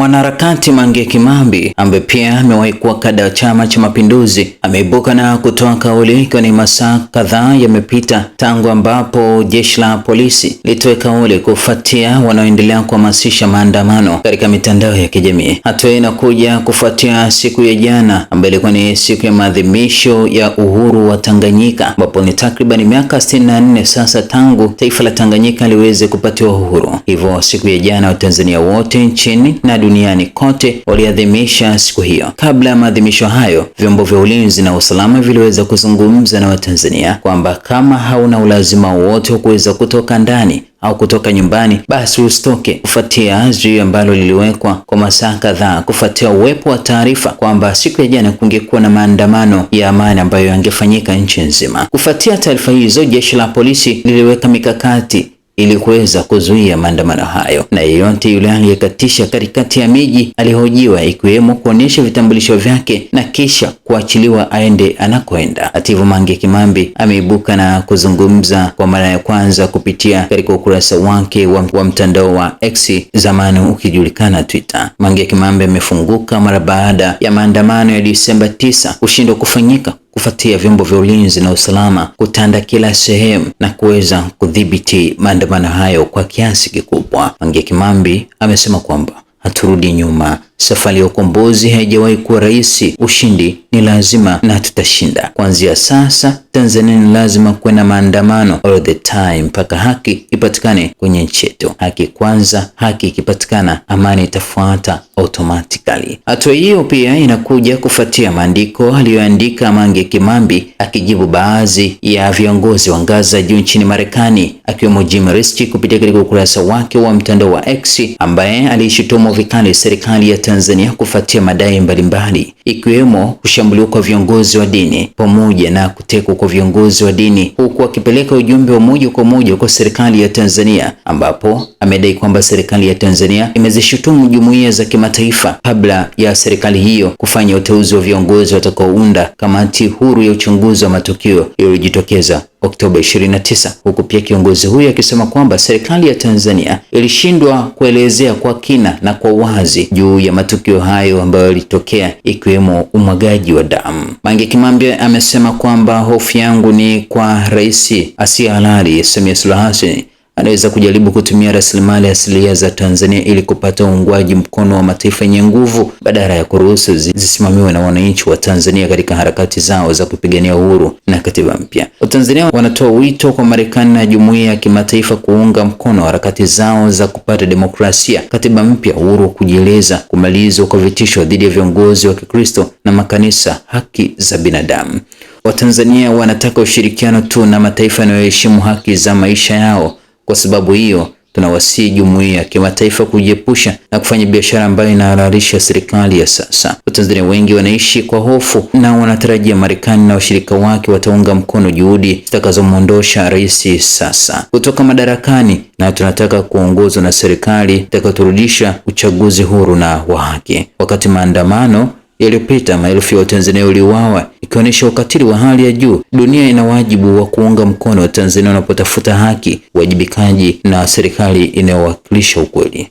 Mwanaharakati Mange Kimambi ambaye pia amewahi kuwa kada wa Chama cha Mapinduzi ameibuka na kutoa kauli, ikiwa ni masaa kadhaa yamepita tangu ambapo jeshi la polisi litoe kauli kufuatia wanaoendelea kuhamasisha maandamano katika mitandao ya kijamii. Hatua inakuja kufuatia siku ya jana ambayo ilikuwa ni siku ya maadhimisho ya uhuru wa Tanganyika, ambapo ni takriban miaka 64 sasa tangu taifa la Tanganyika liweze kupatiwa uhuru. Hivyo siku ya jana Watanzania wote nchini na duniani kote waliadhimisha siku hiyo. Kabla ya maadhimisho hayo, vyombo vya ulinzi na usalama viliweza kuzungumza na Watanzania kwamba kama hauna ulazima wote wa kuweza kutoka ndani au kutoka nyumbani basi usitoke, kufuatia azimio ambalo liliwekwa kwa masaa kadhaa kufuatia uwepo wa taarifa kwamba siku ya jana kungekuwa na maandamano ya amani ambayo yangefanyika nchi nzima. Kufuatia taarifa hizo, jeshi la polisi liliweka mikakati ili kuweza kuzuia maandamano hayo, na yeyote yule aliyekatisha katikati ya miji alihojiwa, ikiwemo kuonyesha vitambulisho vyake na kisha kuachiliwa aende anakoenda. Hata hivyo, Mange Kimambi ameibuka na kuzungumza kwa mara ya kwanza kupitia katika ukurasa wake wa, wa mtandao wa X, zamani ukijulikana Twitter. Mange Kimambi amefunguka mara baada ya maandamano ya Disemba 9 kushindwa kufanyika kufuatia vyombo vya ulinzi na usalama kutanda kila sehemu na kuweza kudhibiti maandamano hayo kwa kiasi kikubwa. Mange Kimambi amesema kwamba haturudi nyuma Safari ya ukombozi haijawahi kuwa rahisi. Ushindi ni lazima na tutashinda. Kuanzia sasa, Tanzania ni lazima kuwe na maandamano all the time mpaka haki ipatikane kwenye nchi yetu. Haki kwanza. Haki ikipatikana, amani itafuata automatically. Hatua hiyo pia inakuja kufuatia maandiko aliyoandika Mange Kimambi akijibu baadhi ya viongozi wa ngazi za juu nchini Marekani, akiwemo Jim Risch kupitia katika ukurasa wake wa mtandao wa X, ambaye aliishutumu vikali serikali ya Tanzania kufuatia madai mbalimbali ikiwemo kushambuliwa kwa viongozi wa dini pamoja na kutekwa kwa viongozi wa dini, huku akipeleka ujumbe wa moja kwa moja kwa serikali ya Tanzania, ambapo amedai kwamba serikali ya Tanzania imezishutumu jumuiya za kimataifa kabla ya serikali hiyo kufanya uteuzi wa viongozi watakaounda kamati huru ya uchunguzi wa matukio yaliyojitokeza Oktoba 29, huku pia kiongozi huyo akisema kwamba serikali ya Tanzania ilishindwa kuelezea kwa kina na kwa wazi juu ya matukio hayo ambayo yalitokea ikiwemo umwagaji wa damu. Mange Kimambi amesema kwamba hofu yangu ni kwa Rais asiye halali Samia Suluhu Hassan anaweza kujaribu kutumia rasilimali asilia za Tanzania ili kupata uungwaji mkono wa mataifa yenye nguvu badala ya kuruhusu zisimamiwe na wananchi wa Tanzania katika harakati zao za kupigania uhuru na katiba mpya. Watanzania wanatoa wito kwa Marekani na jumuiya ya kimataifa kuunga mkono harakati zao za kupata demokrasia, katiba mpya, uhuru wa kujieleza, kumalizwa kwa vitisho dhidi ya viongozi wa Kikristo na makanisa, haki za binadamu. Watanzania wanataka ushirikiano tu na mataifa yanayoheshimu haki za maisha yao kwa sababu hiyo tunawasihi jumuiya ya kimataifa kujiepusha na kufanya biashara ambayo inahalalisha serikali ya sasa. Watanzania wengi wanaishi kwa hofu na wanatarajia Marekani na washirika wake wataunga mkono juhudi zitakazomwondosha rais sasa kutoka madarakani, na tunataka kuongozwa na serikali itakayorudisha uchaguzi huru na wa haki. Wakati maandamano yaliyopita, maelfu ya Watanzania waliuawa ikionyesha ukatili wa hali ya juu. Dunia ina wajibu wa kuunga mkono tanzania wanapotafuta haki, uwajibikaji na serikali inayowakilisha ukweli.